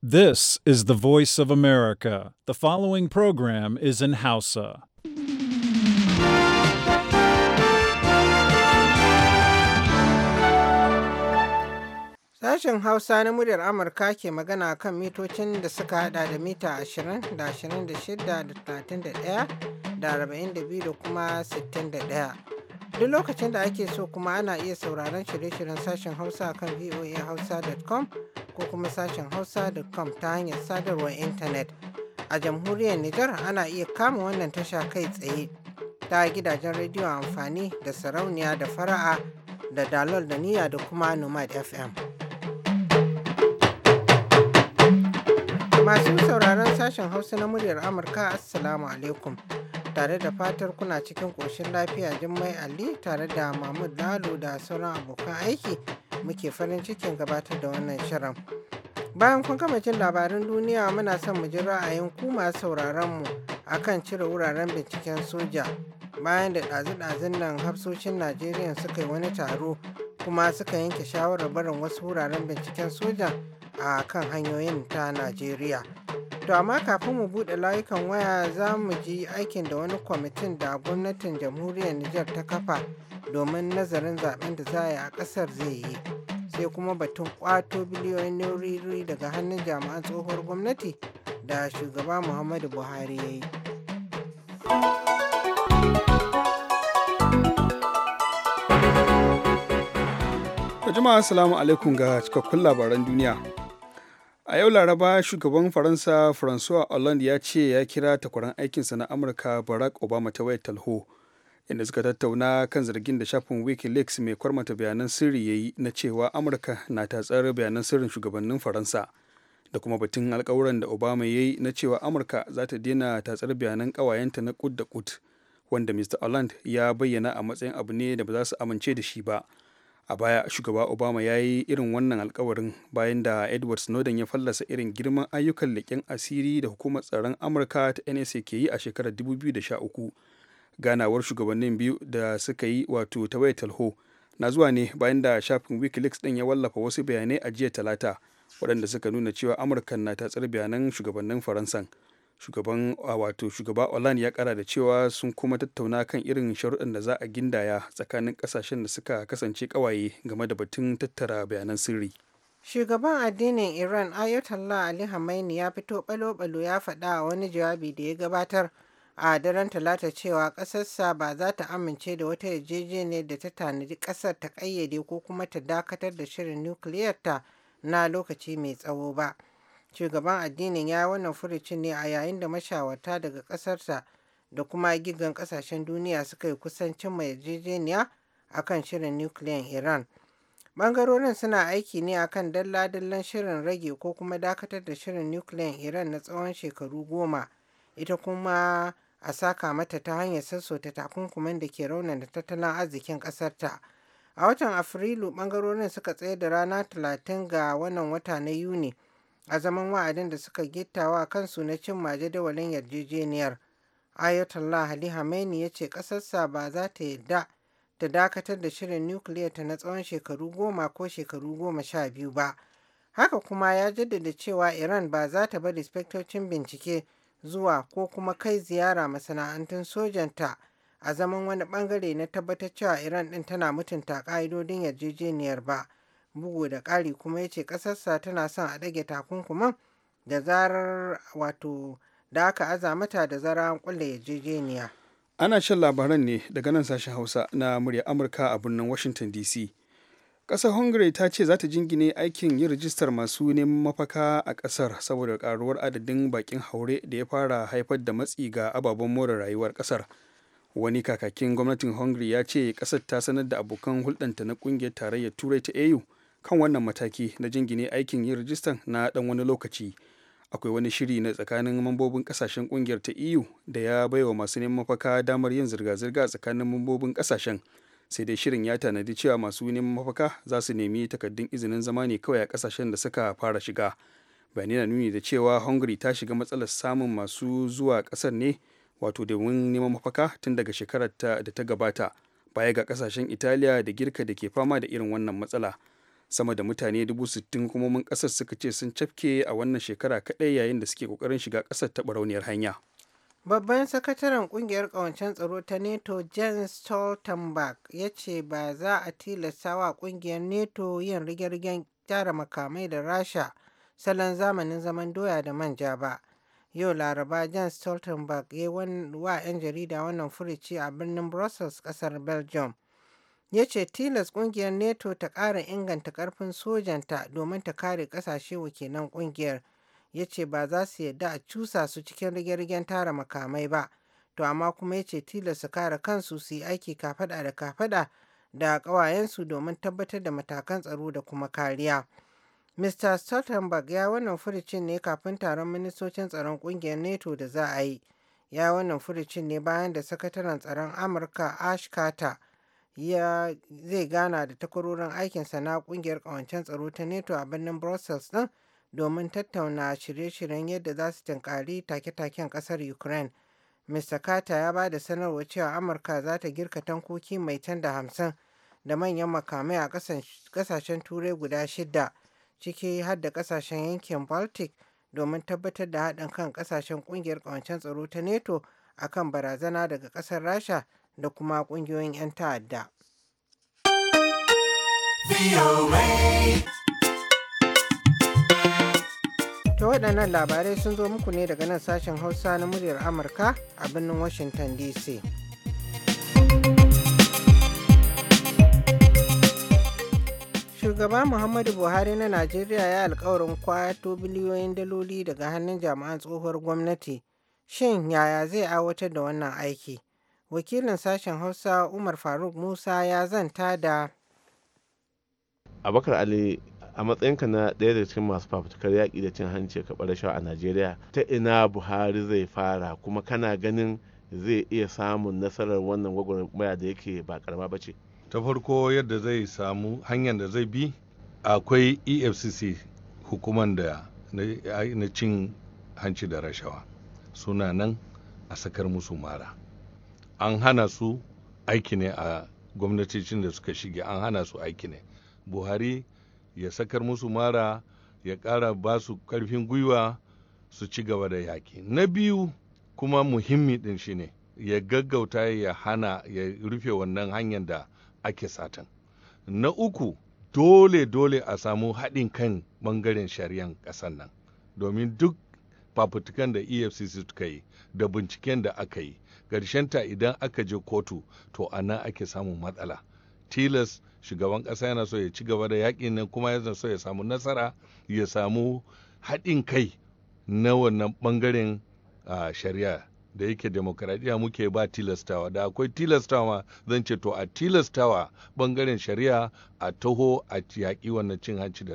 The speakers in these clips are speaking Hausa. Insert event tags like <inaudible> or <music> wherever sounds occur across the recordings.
This is the voice of America. The following program is in Hausa. Sashen Hausa na muryar Amurka ke magana kan mitocin da suka hada da mita 20 da 26 da 31 da 42 da kuma 61. Duk lokacin da ake so kuma ana iya sauraron shirye-shiryen sashen Hausa kan voahausa.com ko kuma sashen hausa.com ta hanyar sadarwar intanet. A jamhuriyar Nijar ana iya kama wannan tasha kai tsaye ta gidajen rediyo amfani da sarauniya da fara'a da dalol da niyya da kuma nomad fm masu sauraron sashen hausa na muryar amurka assalamu alaikum tare da fatar kuna cikin ƙoshin lafiya Jummai Ali tare da Mamud Lalo da sauran abokan aiki muke farin cikin gabatar da wannan shirin. Bayan kun gama jin labarin duniya muna son mu ji ra'ayin kuma masu sauraron mu akan cire wuraren binciken soja bayan da ɗazu-ɗazun nan hafsoshin Najeriya suka yi wani taro kuma suka yanke shawarar barin wasu wuraren binciken soja a kan hanyoyin ta Najeriya. To amma kafin mu buɗe layukan waya za mu ji aikin da wani kwamitin da gwamnatin jamhuriyar Nijar ta kafa domin nazarin zaben da za a yi a ƙasar zai yi. Sai kuma batun ƙwato biliyoyin nauriri daga hannun jami'an tsohuwar gwamnati da shugaba Muhammadu Buhari ya yi. Jama'a Assalamu alaikum ga cikakkun labaran duniya. a yau laraba shugaban faransa francois hollande ya ce ya kira takwaran aikinsa na amurka barack obama ta wayar talho inda suka tattauna kan zargin da shafin wikileaks mai kwarmata bayanan sirri ya yi na cewa amurka na tatsar bayanan sirrin shugabannin faransa da kuma batun alkawuran da obama ya yi na cewa amurka za ta daina tatsar bayanan kawayenta na kud da kud wanda mr holland ya bayyana a matsayin abu ne da ba za su amince da shi ba a baya shugaba obama ya yi irin wannan alkawarin bayan da edward snowden ya fallasa irin girman ayyukan leƙen asiri da hukumar tsaron amurka ta nsa ke yi a shekarar 2013 ganawar shugabannin biyu da suka yi wato ta waya talho na zuwa ne bayan da shafin wikileaks din ya wallafa wasu bayanai a jiya talata waɗanda suka nuna cewa amurka na tatsar bayanan shugabannin faransan shugaban wato shugaba olan ya kara da cewa sun kuma tattauna kan irin sharuɗan da za a gindaya tsakanin kasashen da suka kasance ƙawaye game da batun tattara bayanan sirri shugaban addinin iran ayatollah ali hamaini ya fito balo-balo ya faɗa a wani jawabi da ya gabatar a daren talata cewa ƙasarsa ba za ta amince da wata yarjejeniyar da ta tanadi ƙasar ta kayyade ko kuma ta dakatar da shirin nukiliyarta na lokaci mai tsawo ba. Shugaban addinin ya yi wannan furucin ne a yayin da mashawarta daga ƙasarsa da kuma gigan ƙasashen duniya suka yi kusancin mai yarjejeniya a kan shirin nukiliyan Iran. Bangarorin suna aiki ne akan dalla-dallan shirin rage ko kuma dakatar da shirin nukiliyan Iran na tsawon shekaru goma, ita kuma a saka mata ta hanyar sassauta takunkuman da ke raunana tattalin arzikin ƙasarta. A watan Afrilu, bangarorin suka tsaye da rana 30 ga wannan wata na Yuni a zaman wa'adin da suka gittawa kansu na cimma jadawalin yarjejeniyar ayatollah ali hamenei ya ce ƙasarsa ba za ta yarda ta dakatar da shirin nukiliya ta na tsawon shekaru goma ko shekaru goma sha biyu ba haka kuma ya jaddada cewa iran ba za ta bari spektocin bincike zuwa ko kuma kai ziyara masana'antun sojanta a zaman wani bangare na tabbatar cewa iran din tana mutunta ka'idodin yarjejeniyar ba bugu da ƙari kuma ya ce ƙasarsa tana son a ɗage takunkuman da zarar wato da aka aza mata da zarar an ƙulla yarjejeniya. Ana shan labaran ne daga nan sashen Hausa na murya Amurka a birnin Washington DC. Ƙasar Hungary ta ce za ta jingine aikin yin rijistar masu neman mafaka a ƙasar saboda ƙaruwar adadin baƙin haure da ya fara haifar da matsi ga ababen more rayuwar ƙasar. Wani kakakin gwamnatin Hungary ya ce ƙasar ta sanar da abokan hulɗanta na ƙungiyar tarayyar Turai ta AU kan wannan mataki na jingine aikin yin rijistan na dan wani lokaci akwai wani shiri na tsakanin mambobin kasashen kungiyar ta eu da ya baiwa masu neman mafaka damar yin zirga-zirga tsakanin mambobin kasashen sai dai shirin ya tanadi cewa masu neman mafaka za su nemi takardun izinin zama ne kawai a kasashen da suka fara shiga bayani na nuni da cewa hungary ta shiga matsalar samun masu zuwa kasar ne wato domin neman mafaka tun daga shekarar da ta gabata baya ga kasashen italiya da girka da ke fama da irin wannan matsala sama da mutane dubu sittin hukumomin ƙasar suka ce sun cafke a wannan shekara kaɗai yayin da suke ƙoƙarin shiga ƙasar ta barauniyar hanya babban sakataren kungiyar ƙawancen tsaro ta nato jens stoltenberg ya ce ba za a tilasta wa kungiyar nato yin rige-rigen gyara makamai da rasha salon zamanin zaman doya da manja ba yau laraba jens stoltenberg ya yi wa 'yan jarida wannan furici a birnin brussels kasar belgium ya ce tilas kungiyar neto ta kara inganta karfin sojanta domin ta kare ƙasashe wakilan kungiyar ya ce ba za su yadda a cusa su cikin rige-rigen tara makamai ba to amma kuma ya ce tilas su kare kansu su yi aiki kafada da kafada da ƙawayensu domin tabbatar da matakan tsaro da kuma kariya mr stoltenberg ya wannan furucin ne kafin taron ministocin tsaron kungiyar neto da za a yi ya wannan furucin ne bayan da sakataren tsaron amurka ash carter ya zai gana da takwarorin aikinsa na kungiyar kawancen tsaro ta neto a birnin brussels din domin tattauna shirye-shiryen yadda za su tunkari take-taken kasar ukraine mr carter ya ba da sanarwa cewa amurka za ta girka tankoki mai can da hamsin da manyan makamai a kasashen turai guda shida ciki har da kasashen yankin baltic domin tabbatar da haɗin kan kasashen kungiyar kawancen tsaro ta neto akan barazana daga kasar rasha da kuma ƙungiyoyin 'yan ta'adda. Ta waɗannan labarai sun zo muku ne daga nan sashen Hausa na muryar Amurka a birnin Washington DC. Shugaba Muhammadu Buhari na Najeriya ya alkawarin kwato biliyoyin daloli daga hannun jami'an tsohuwar gwamnati. Shin yaya zai aiwatar da wannan aiki? wakilin sashen hausa umar faruk musa ya zanta da abakar ali a matsayinka na ɗaya daga cikin masu fafutukar yaƙi da cin hanci ka rashawa a najeriya ta ina buhari zai fara kuma kana ganin zai iya samun nasarar wannan gwagwarmaya da yake ba karama ba ce ta farko yadda zai samu hanyar da zai bi akwai efcc hukuman da na cin hanci da rashawa suna nan a sakar musu mara an hana su aiki ne a gwamnatocin da suka shige an hana su aiki ne buhari ya sakar musu mara ya ƙara ba su ƙarfin gwiwa su ci gaba da yaki na biyu kuma muhimmi ɗin shine ya gaggauta ya hana ya rufe wannan hanyar da ake satan na uku dole dole a samu haɗin kan ɓangaren shari'an ƙasar nan domin duk fafutukan da efcc suka yi da binciken da aka yi ta idan aka je kotu to a nan ake samun matsala tilas shugaban ƙasa yana so ya ci gaba da yaƙin nan kuma yana so ya samu nasara ya samu haɗin kai na wannan ɓangaren shari'a da yake demokaradiyya muke ba tilastawa da akwai tilastawa zan ce to a tilastawa bangaren shari'a a taho a yaƙi wannan cin hanci da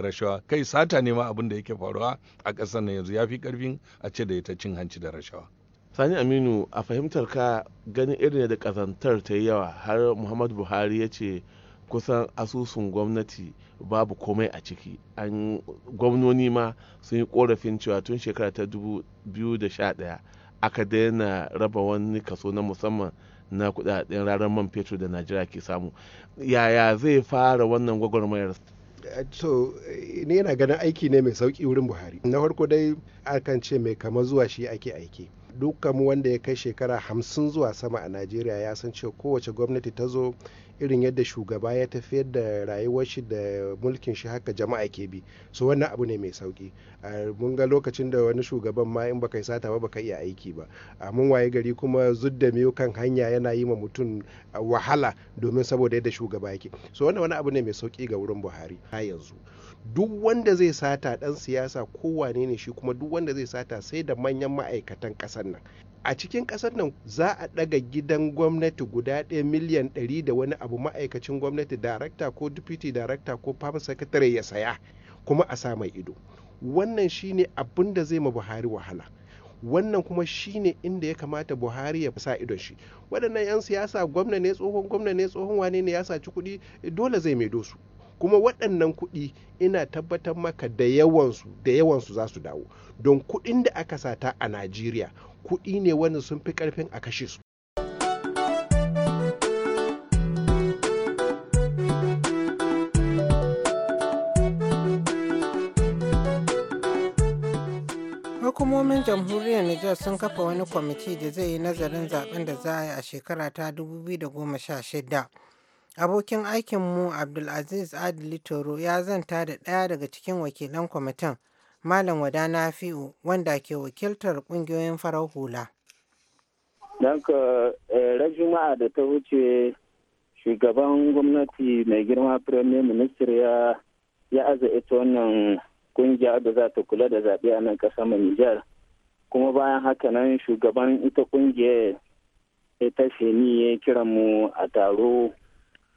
rashawa kai sata ne ma abin da yake faruwa a ƙasar na yanzu ya fi ƙarfin a ce da ita cin hanci da rashawa sani aminu a fahimtar ka ganin irin da kazantar ta yi yawa har muhammadu buhari ya ce kusan asusun gwamnati babu komai a ciki an gwamnoni ma sun yi korafin cewa tun shekara ta 2011 aka daina raba wani kaso na musamman na kudaden ranar man fetur da najeriya ke samu yaya zai fara wannan gwagwarmayar so eh, ni yana ganin aiki ne mai sauki wurin buhari na farko dai akan ce mai kama zuwa shi ake aiki dukkan wanda ya kai shekara hamsin zuwa sama a najeriya ya san cewa kowace gwamnati ta zo irin yadda shugaba ya tafiyar da rayuwar shi da mulkin shi haka jama'a ke bi so wannan abu ne mai sauki mun ga lokacin da wani shugaban ma in baka sata ba baka iya aiki ba mun waye gari kuma zudda miyo kan hanya yana yi ma mutum wahala domin saboda yadda shugaba yake so wannan wani abu ne mai sauki ga wurin buhari ha yanzu duk wanda zai sata dan siyasa kowane ne shi kuma duk wanda zai sata sai da manyan ma'aikatan kasar nan a cikin ƙasar nan za a daga gidan gwamnati guda ɗaya miliyan ɗari da wani abu ma'aikacin gwamnati darakta ko deputy darakta ko farm secretary ya saya kuma a sa mai ido wannan shine abin da zai ma buhari wahala wannan kuma shine inda ya kamata buhari ya sa idon shi waɗannan 'yan siyasa gwamna ne tsohon gwamna ne tsohon wane ne ya saci kuɗi dole zai maido su kuma waɗannan kuɗi ina tabbatar maka da yawansu da yawansu za su dawo don kuɗin da aka sata a najeriya kuɗi ne wani sun fi ƙarfin a kashe su hukumomin jamhuriyar Nijar sun kafa wani kwamiti da zai yi nazarin zaben da za a yi a shekara ta 2016 Abokin aikinmu Abdulaziz Adili Toro ya zanta da ɗaya daga cikin wakilan kwamitin, Malam Wada Nafi'u, wanda ke wakiltar ƙungiyoyin farar hula. Don ka eh, da ta wuce shugaban gwamnati mai girma Premier Minister ya ya aza ita wannan kungiya da za ta kula da zaɓe a nan ƙasar Nijar. Kuma bayan haka nan shugaban ita kungiyar ita eh, sheni ya kira mu a taro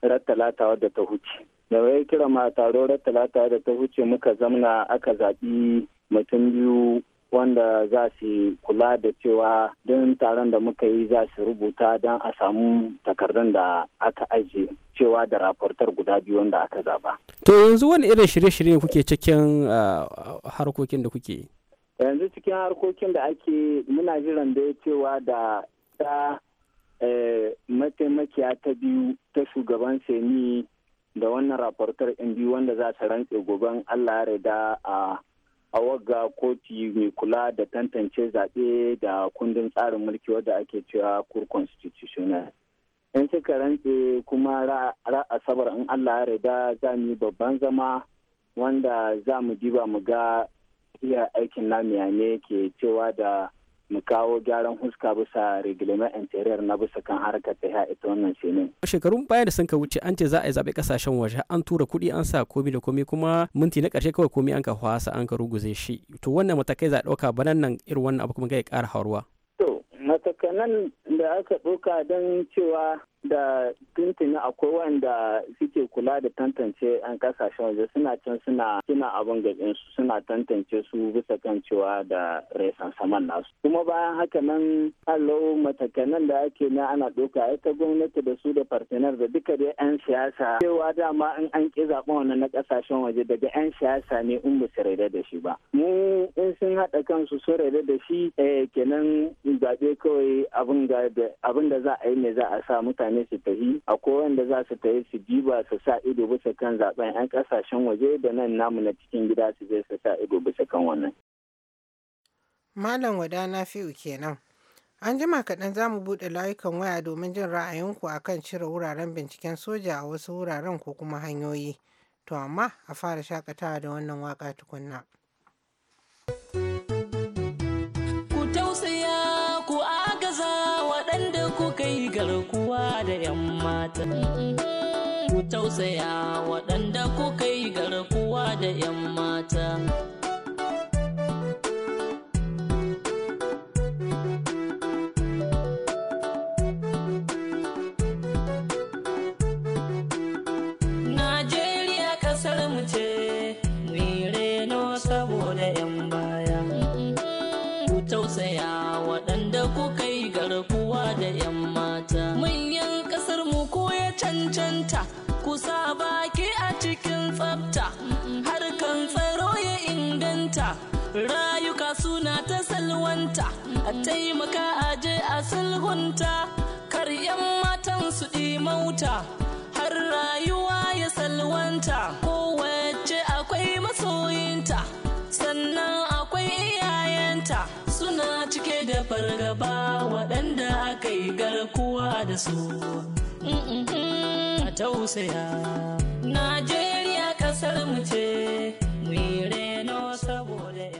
rar talata wadda ta huce da wai kira ma taro rar talata wadda ta huce muka zamna aka zaɓi mutum biyu wanda za su kula da cewa don taron da muka yi za su rubuta don a samu takardun da aka ajiye cewa da raportar guda biyu wanda aka zaba. To yanzu wani irin shirye-shirye kuke cikin ah, harkokin da kuke? Yanzu cikin harkokin da ake muna jiran da cewa da ta Eh, mataimakiya ta biyu ta shugaban seni da wannan raportar in biyu wanda za ta rantse goben allah ya rida a awaga koti mai kula da tantance zaɓe da kundin tsarin mulki wadda ake cewa kur constitutional in suka rantse kuma ra asabar in allah ya rida za mu yi babban zama wanda za mu diba mu ga iya aikin lamiya ne ke cewa da mu kawo gyaran huska bisa reglement interior na bisa kan harkar ta ita wannan shine. shekarun baya da sun ka wuce an ce za a yi zaɓe ƙasashen waje an tura kuɗi an sa komi da komi kuma minti na ƙarshe kawai komi an ka hwasa an ka ruguze shi to wannan matakai za a ɗauka banan nan irin wannan abu kuma ga ya ƙara haruwa. to matakanan da aka ɗauka don cewa da tuntuni akwai wanda suke kula da tantance 'yan kasashen waje suna can suna suna abin gajin su suna tantance su bisa kan cewa da resan saman nasu kuma bayan haka nan allo matakanan da ake na ana doka ta gwamnati da su da partner da duka da 'yan siyasa cewa dama in an ki zaɓen wannan na kasashen waje daga 'yan siyasa ne in ba su raida da shi ba mu in sun haɗa kansu su raida da shi eh, kenan zaɓe kawai abin da za a yi ne za a sa mutane mutane su tafi akwai wanda za su tafi su diba su sa ido bisa kan zaben 'yan kasashen waje da nan namu na cikin gida su zai su sa ido bisa kan wannan. Malam wada na kenan. An jima kaɗan za mu buɗe layukan waya domin jin ra'ayinku a kan cire wuraren binciken soja a wasu wuraren ko kuma hanyoyi. To amma a fara shakatawa da wannan waka tukunna. kuwa da 'yan mata. Ku tausaya waɗanda kuka yi garkuwa da 'yan mata. sulhunta kar yan matan su mauta har rayuwa ya salwanta kowace akwai masoyinta sannan akwai iyayenta suna cike da fargaba waɗanda aka yi garkuwa da su a tausaya najeriya ƙasar mu ce mu reno saboda 'yan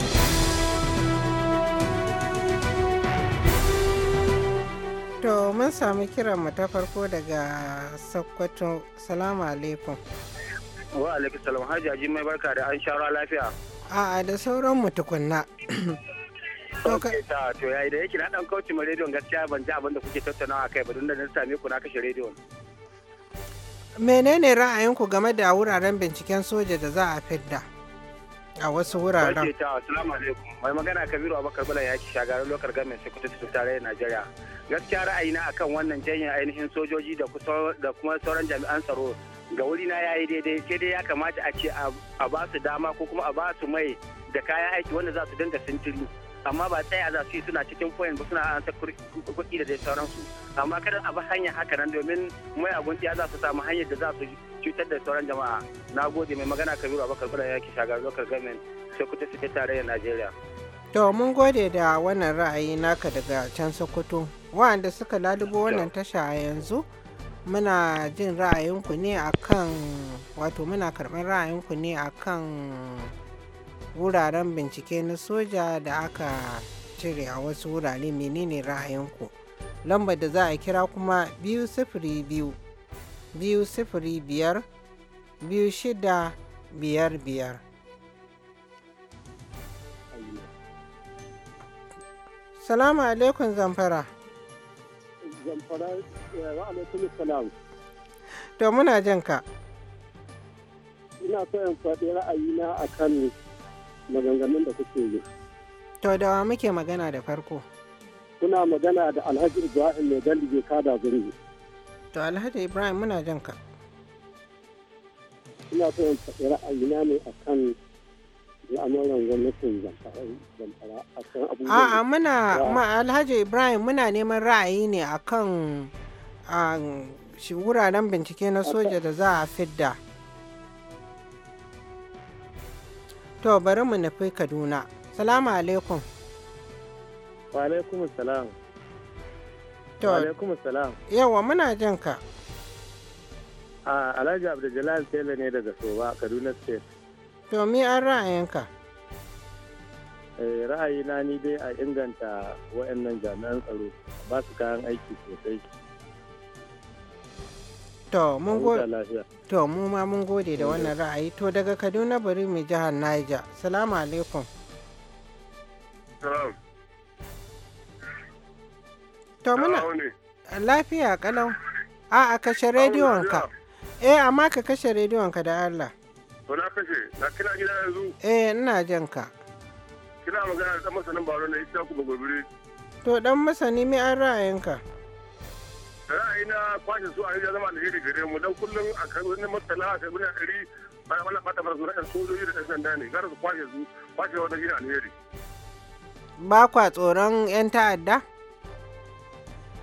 samu sami kiran mu ta farko daga Sokoto. Salamu alaikum. Wa alaikum salam Haji a mai barka da an shara lafiya. A'a da sauran mu tukunna. <coughs> ta to yayi da yake na dan kauce ma rediyon gaskiya ban ji abin da kuke tattaunawa kai ba don da na same ku na kashe rediyon. Menene ra'ayinku game da wuraren binciken soja da za a fidda? a wasu wuraren ke ta assalamu alaikum mai magana kabiru abakar bala ya ci shagarar lokar gamin secretary su tarayyar najeriya gaskiya ra'ayi ra'ayina akan wannan janyen ainihin sojoji da kuma sauran jami'an tsaro ga wuri na yayi daidai sai dai ya kamata a ce a ba su dama ko kuma a ba su mai da kayan aiki wanda za su dinga sintiri amma ba tsaya za su yi suna cikin foyin ba suna ansa kuɗi da dai sauransu amma kada a bi hanya haka nan domin mai abun ya za su samu hanyar da za su cutar da sauran jama'a na gode mai magana kabiru bakar bada yaki shagar local sokoto state tarayyar najeriya to mun gode da wannan ra'ayi naka daga can sokoto wanda suka lalubo wannan tasha a yanzu muna jin ra'ayinku ne akan wato muna karɓar ra'ayinku ne akan wuraren bincike na soja da aka cire a wasu wurare menene ra'ayinku lambar da za a kira kuma biyu sifiri biyu biyu sifiri biyar biyu shida biyar biyar salamu alaikum zamfara zamfara eh, wa alaikum salam to muna jin ka ina so in faɗi ra'ayina a kan maganganun da kuke yi to da wa muke magana da farko kuna magana da alhaji ibrahim mai gandi kada zurmi To Alhaji Ibrahim muna jin ka. Ina so in faɗi ra'ayina ne a kan al'amuran gwamnatin Zamfara a kan abubuwan. A'a muna ma Alhaji Ibrahim muna neman ra'ayi ne akan shi wuraren bincike na soja da za a fidda. To bari mu nufi Kaduna. Salamu alaikum. Wa alaikum salam. alaikum yawa muna jin ka a alhaji abdul tela ne daga soba kaduna state to me an ra'ayinka eh, ra'ayina ni dai a inganta waɗannan jami'an tsaro ba su kayan aiki sosai to mu ma mun gode da wannan ra'ayi to daga kaduna bari mu jihar niger salamu alaikum To muna lafiya kalau. A a kashe rediyon ka. Eh amma ka kashe rediyon ka da Allah. To na kashe, na kina gida yanzu. Eh ina jan ka. Kina magana da masanin baro ne ita ku gobiri. To dan masani mai an ra'ayinka. Ra'ayi na kwashe su a yi zama alheri gare mu dan kullum a kan wani matsala a kai wani ɗari bayan wani fata fara zuwa sojoji da ɗan sanda ne gara su kwashe su kwashe wani gida alheri. Ba kwa tsoron 'yan ta'adda?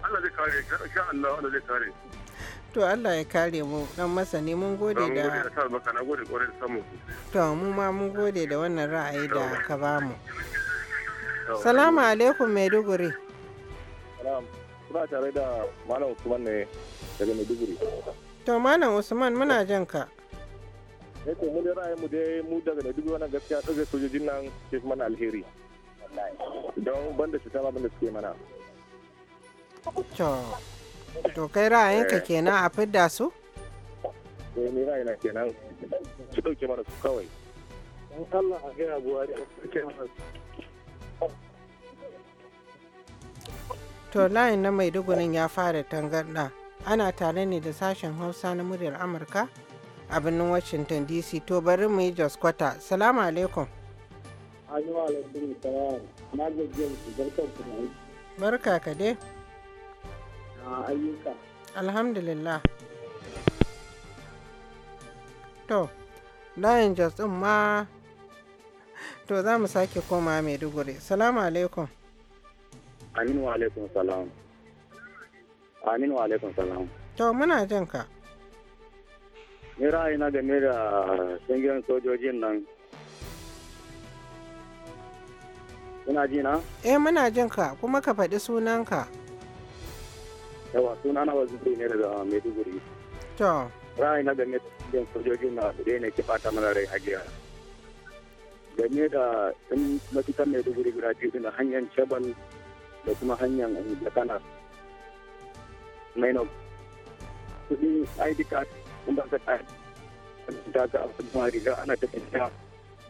Allah zai kare ka insha Allah Allah zai kare to Allah ya kare mu dan masani mun gode da gode gore da samu to mu ma mun gode da wannan ra'ayi da ka ba mu salamu alaikum maiduguri kuna tare da malam usman ne daga maiduguri to malam usman muna jin ka eh to mun ra'ayi mu dai mu daga maiduguri wannan gaskiya ɗaga sojojin nan ke mana alheri don banda shi ta ba banda suke mana to to kai ka eh. kenan a fidda su eh ni ra'ayina kenan su dauke mana su kawai dan Allah a gaya buhari a dauke mana su to layin na maidugunin ya fara tangarɗa ana tare ne da sashen hausa na muryar amurka a birnin washington dc to bari mu yi jaskwata salamu alaikum barka ka dai ayyuka alhamdulillah to layin jos ma to za mu sake koma maiduguri salamu alaikum aminu alaikum salam aminu alaikum salam to muna jin ka ni ra'ayi na game da shingiyar sojojin nan Muna jina? Eh muna jin ka kuma ka faɗi sunanka. ka. yawa suna na wasu ne da maiduguri ta ra'ayi na game da sojojin na su ne ke fata mana rai hajiya game da in mafitan maiduguri guda biyu na hanyar ceban da kuma hanyar kana maino kudin id card in ba ka tsaya ta ga abubuwan riga ana tafiya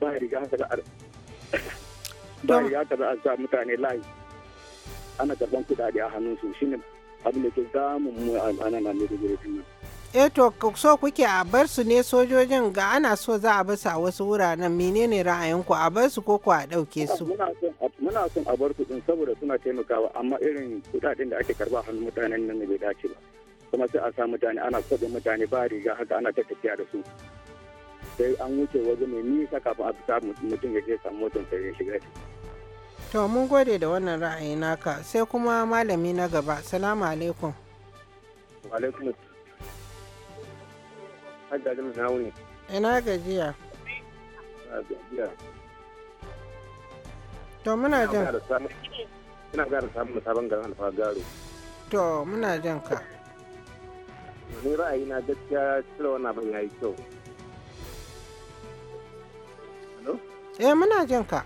ba riga haka da ba riga ta za a sa mutane layi ana karɓar kudade a hannun hannunsu shine abin da ke damun mu a nan a Maiduguri nan. Eh to so kuke a bar su ne sojojin ga ana so za a basu a wasu wuraren menene ra'ayinku a bar su ko ku a dauke su? Muna son a bar su din saboda suna taimakawa amma irin kuɗaɗen da ake karba hannun mutanen nan bai dace ba. Kuma sai a sa mutane ana kwaɗe mutane ba riga haka ana ta tafiya da su. Sai an wuce waje mai nisa kafin a fita mutum ya je samu motar ya shiga shi. To mun gode da wannan ra'ayi naka sai kuma malami na gaba. Salamu alaikum. alaikum. Ina gajiya. To muna jan. Ina gara samun sabon garin alfagaro. To muna jan ka. Ni ra'ayi na gaskiya cire wannan abin yayi kyau. Eh muna jan ka.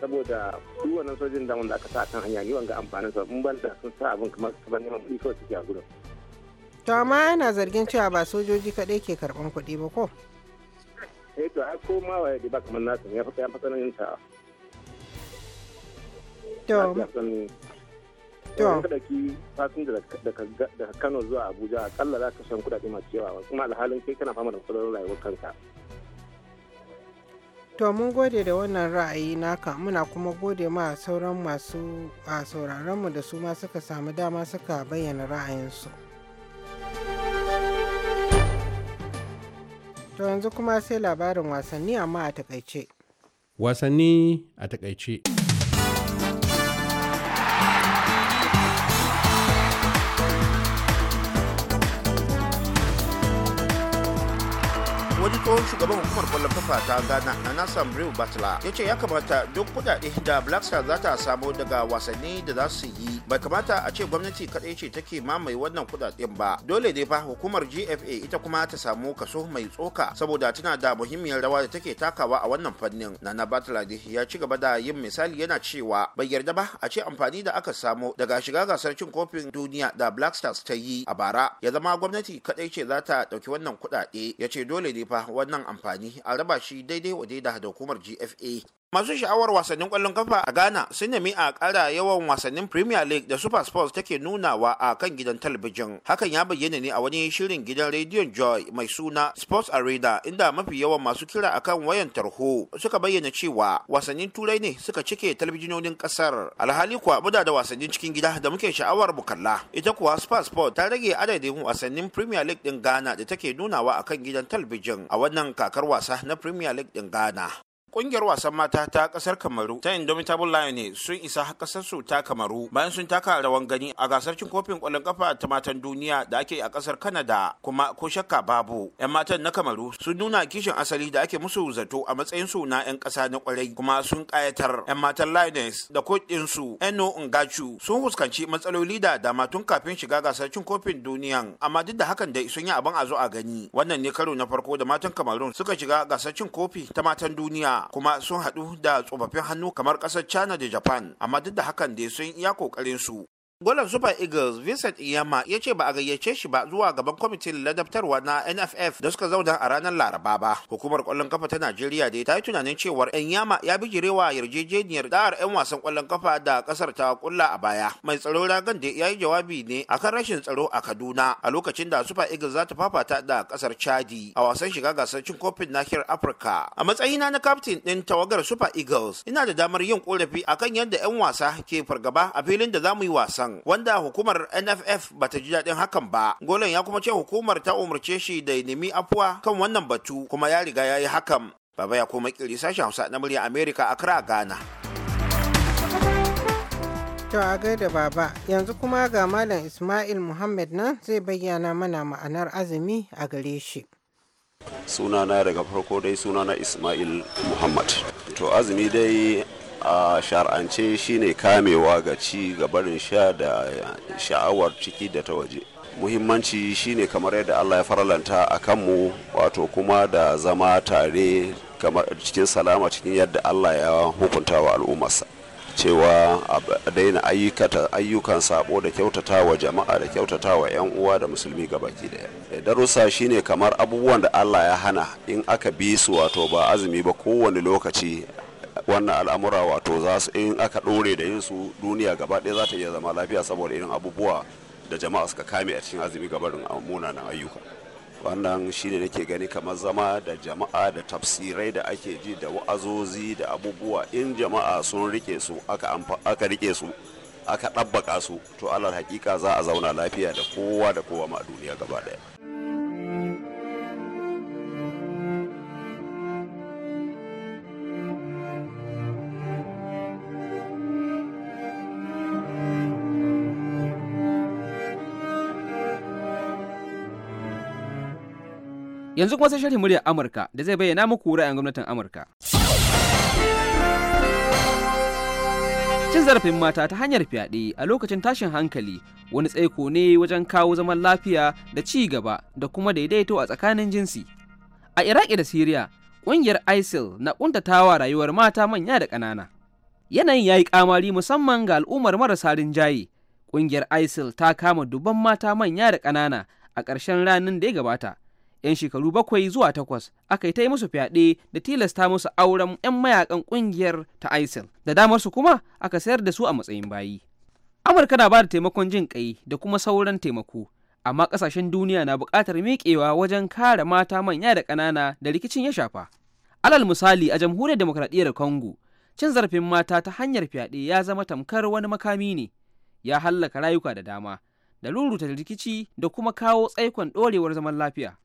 saboda su wannan sojin da wanda aka sa kan hanya ni wanga amfanin sa mun banda sun sa abin kamar su ban neman kuɗi kawai suke a gurin to amma yana zargin cewa ba sojoji kaɗai ke karɓan kuɗi ba ko eh to ai ko ma waye da ba kamar nasu ya fasa ya fasa nan ta to to kada ki fasin da Kano zuwa Abuja akalla za ka shan kuɗaɗe masu yawa kuma alhalin kai kana fama da matsalolin rayuwar kanka To mun gode da wannan ra'ayi naka muna kuma gode ma sauran masu a sauraronmu da su ma suka samu dama suka bayyana ra'ayinsu. To yanzu kuma sai labarin wasanni amma a takaice. Wasanni a takaice. tsohon shugaban hukumar kwallon kafa ta ghana na brew batla ya ce ya kamata duk kudade da black star za ta samo daga wasanni da za su yi bai kamata a ce gwamnati kaɗai ce take mamaye wannan kudaden ba dole ne fa hukumar gfa ita kuma ta samu kaso mai tsoka saboda tana da muhimmiyar rawa da take takawa a wannan fannin nana batla dai ya ci gaba da yin misali yana cewa bai yarda ba a ce amfani da aka samo daga shiga gasar cin kofin duniya da black stars ta yi a bara ya zama gwamnati kaɗai ce za ta dauki wannan kuɗaɗe ya ce dole ne fa wannan amfani a raba shi daidai wa daidai da hukumar gfa masu sha'awar wasannin kwallon kafa a ghana sun nemi a kara yawan wasannin premier league da super sports take nunawa a kan gidan talabijin hakan ya bayyana ne a wani shirin gidan rediyon joy mai suna sports arena inda mafi yawan masu kira akan wayan tarho suka bayyana cewa wasannin turai ne suka cike talabijinonin ƙasar alhali kuwa muna da wasannin cikin gida da muke sha'awar mu kalla ita kuwa super sports ta rage adadin wasannin premier league din ghana da take nunawa a kan gidan talabijin a wannan kakar wasa na premier league din ghana Ƙungiyar wasan mata ta kasar Kamaru ta Indomitable Lion sun isa kasar su ta Kamaru bayan sun taka rawan gani a gasar cin kofin kwallon kafa ta matan duniya da ake a kasar Canada kuma ko shakka babu. 'Yan matan na Kamaru sun nuna kishin asali da ake musu zato a matsayin su na 'yan ƙasa na kwarai kuma sun ƙayatar 'yan matan Lioness da kodin su Eno Ngachu sun fuskanci matsaloli da dama tun kafin shiga gasar cin kofin duniyan amma duk da hakan dai sun yi abin a zo a gani. Wannan ne karo na farko da matan Kamarun suka shiga gasar cin kofi ta matan duniya kuma sun haɗu da tsofaffin hannu kamar ƙasar China da Japan amma duk da hakan dai sun iya ƙoƙarin su Golan Super Eagles Vincent Iyama ya ce ba a gayyace shi ba zuwa gaban kwamitin ladabtarwa na NFF da suka zauna a ranar Laraba ba. Hukumar kwallon kafa ta Najeriya dai ta yi tunanin cewar Iyama ya bijirewa yarjejeniyar da'ar 'yan wasan kwallon kafa da kasar ta kulla a baya. Mai tsaro Ragan da ya yi jawabi ne akan rashin tsaro a Kaduna a lokacin da Super Eagles za ta fafata da kasar Chadi a wasan shiga gasar cin kofin nahiyar Afirka. A matsayina na kaftin ɗin tawagar Super Eagles ina da damar yin korafi akan yadda 'yan wasa ke fargaba a filin da za mu yi wasa. hakan wanda hukumar NFF ta ji daɗin hakan ba. Golan ya kuma ce hukumar ta umarce shi da ya nemi afuwa kan wannan batu kuma ya riga ya yi hakan. Baba ya koma kiri sashen Hausa na murya Amerika a kira Ghana. To a gaida baba yanzu kuma ga Malam Ismail Muhammad nan zai bayyana mana ma'anar azumi a gare shi. Sunana daga farko dai sunana Ismail Muhammad. To azumi dai a shar'ance shine kamewa ga ci gabarin sha da sha'awar ciki da ta waje muhimmanci shine kamar yadda allah ya faralanta a kanmu wato kuma da zama tare kamar cikin salama cikin yadda allah ya hukunta wa al'ummarsa cewa a daina ayyukata ayyukan sabo da kyautata wa jama'a da kyautata wa 'yan uwa da musulmi gabaki daya darussa shine kamar abubuwan da allah ya hana in aka bi su wato ba azumi ba kowane lokaci wannan al'amura wato za su in aka dore da yin su duniya gaba ɗaya za ta iya zama lafiya saboda irin abubuwa da jama'a suka kame a cikin azumi gabarin munanan ayyuka wannan shine nake gani kamar zama da jama'a da tafsirai da ake ji da wa'azozi da abubuwa in jama'a sun rike su aka aka rike su aka ɗabbaka su to alal hakika za a zauna lafiya da kowa da kowa ma duniya gaba ɗaya Yanzu kuma sai sharhi muryar Amurka da zai bayyana muku ra'ayin gwamnatin Amurka. Cin zarafin mata ta hanyar fyaɗe a lokacin tashin hankali wani tsaiko ne wajen kawo zaman lafiya da ci gaba da kuma daidaito a tsakanin jinsi. A Iraki da Siriya, ƙungiyar ISIL na ƙuntatawa rayuwar mata manya da ƙanana. Yanayin ya yi ƙamari musamman ga al'ummar marasa rinjaye. Ƙungiyar ISIL ta kama dubban mata manya da ƙanana a ƙarshen ranar da ya gabata 'yan shekaru bakwai zuwa takwas aka yi ta yi musu fyaɗe da tilasta musu auren 'yan mayakan ƙungiyar ta isil da damar su kuma aka sayar da su a matsayin bayi amurka na ba da taimakon jin ƙai da kuma sauran taimako amma ƙasashen duniya na buƙatar miƙewa wajen kare mata manya da ƙanana da rikicin ya shafa alal misali a jamhuriyar demokradiyyar congo cin zarafin mata ta hanyar fyaɗe ya zama tamkar wani makami ne ya hallaka rayuka da dama da rurruta rikici da kuma kawo tsaikon ɗorewar zaman lafiya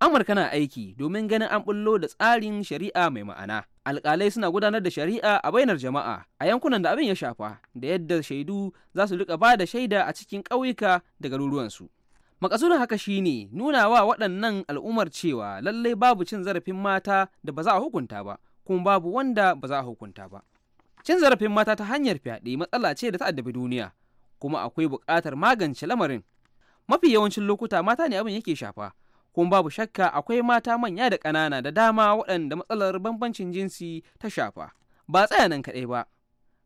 Amurka na aiki domin ganin an bullo da tsarin shari'a mai ma'ana. Alƙalai suna gudanar da shari'a a bainar jama'a a yankunan da abin ya shafa da yadda shaidu za su rika ba da shaida a cikin ƙauyuka da garuruwansu. Makasudin haka shine nuna wa waɗannan al'ummar cewa lallai babu cin zarafin mata da ba za a hukunta ba, kuma babu wanda ba za a hukunta ba. Cin zarafin mata ta hanyar fyaɗe matsala ce da ta addabi duniya, kuma akwai buƙatar magance lamarin. Mafi yawancin lokuta mata ne abin yake shafa, kuma babu shakka akwai mata manya da ƙanana da dama waɗanda matsalar bambancin jinsi ta shafa ba tsaya nan kaɗai ba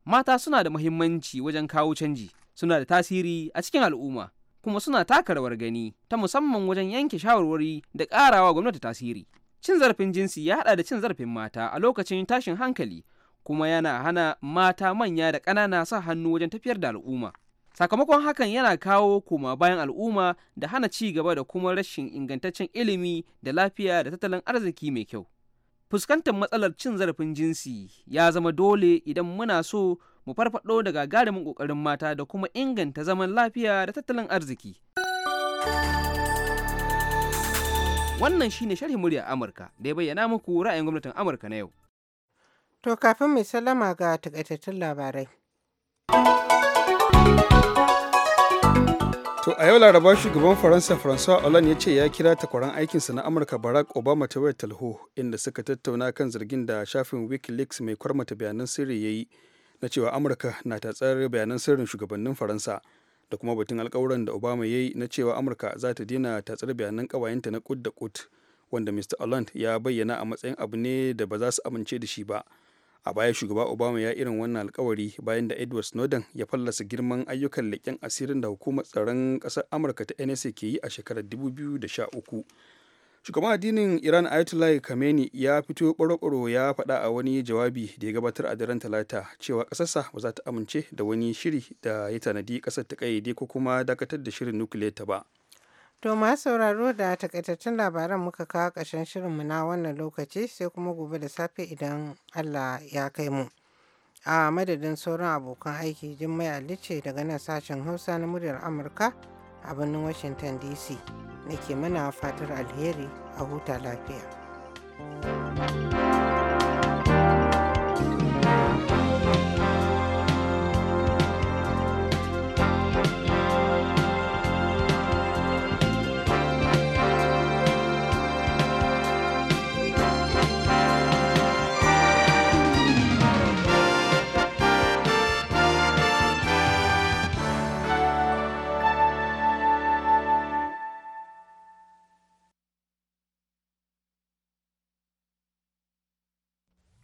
mata suna da muhimmanci wajen kawo canji suna da tasiri a cikin al'umma kuma suna taka rawar gani ta musamman wajen yanke shawarwari da ƙarawa gwamnati tasiri cin zarafin jinsi ya haɗa da cin zarafin mata a lokacin tashin hankali kuma yana hana mata manya da ƙanana sa hannu wajen tafiyar da al'umma sakamakon hakan yana kawo koma bayan al'umma da hana ci gaba da kuma rashin ingantaccen ilimi da lafiya da tattalin arziki mai kyau fuskantar matsalar cin zarafin jinsi ya zama dole idan muna so mu farfado da gagarumin kokarin mata da kuma inganta zaman lafiya da tattalin arziki wannan shine sharhi murya amurka da ya bayyana muku ra'ayin gwamnatin amurka na yau to kafin mai sallama ga takaitattun labarai To a yau laraba shugaban Faransa François Hollande ya ce ya kira takwaran aikinsa na Amurka Barack Obama ta wayar talho inda suka tattauna kan zargin da shafin Wikileaks mai kwarmata bayanan sirri ya yi na cewa Amurka na tatsar bayanan sirrin shugabannin Faransa da kuma batun alkawuran da Obama ya yi na cewa Amurka za ta daina tatsar bayanan kawayenta na kud da kud wanda Mr. Hollande ya bayyana a matsayin abu ne da ba za su amince da shi ba. a baya shugaba obama ya irin wannan alkawari bayan da edward snowden ya fallasa girman ayyukan leƙen asirin da hukumar tsaron ƙasar amurka ta nsa ke yi a shekarar 2013 shugaban addinin iran ayatollah khamenei ya fito ɓaro ya faɗa a wani jawabi da ya gabatar a daren talata cewa ƙasarsa ba za ta amince da wani shiri da ya tanadi ƙasar ta ƙayyade ko kuma dakatar da shirin nukiliyar ta ba To ma sauraro da takaitattun labaran muka kawo ƙarshen shirinmu na wannan lokaci sai kuma gobe da safe idan Allah ya kai mu. A madadin sauran abokan aiki Jummai Ali ce daga nan sashen Hausa na muryar Amurka a birnin Washington DC. Nake mana fatar alheri a huta lafiya. thank you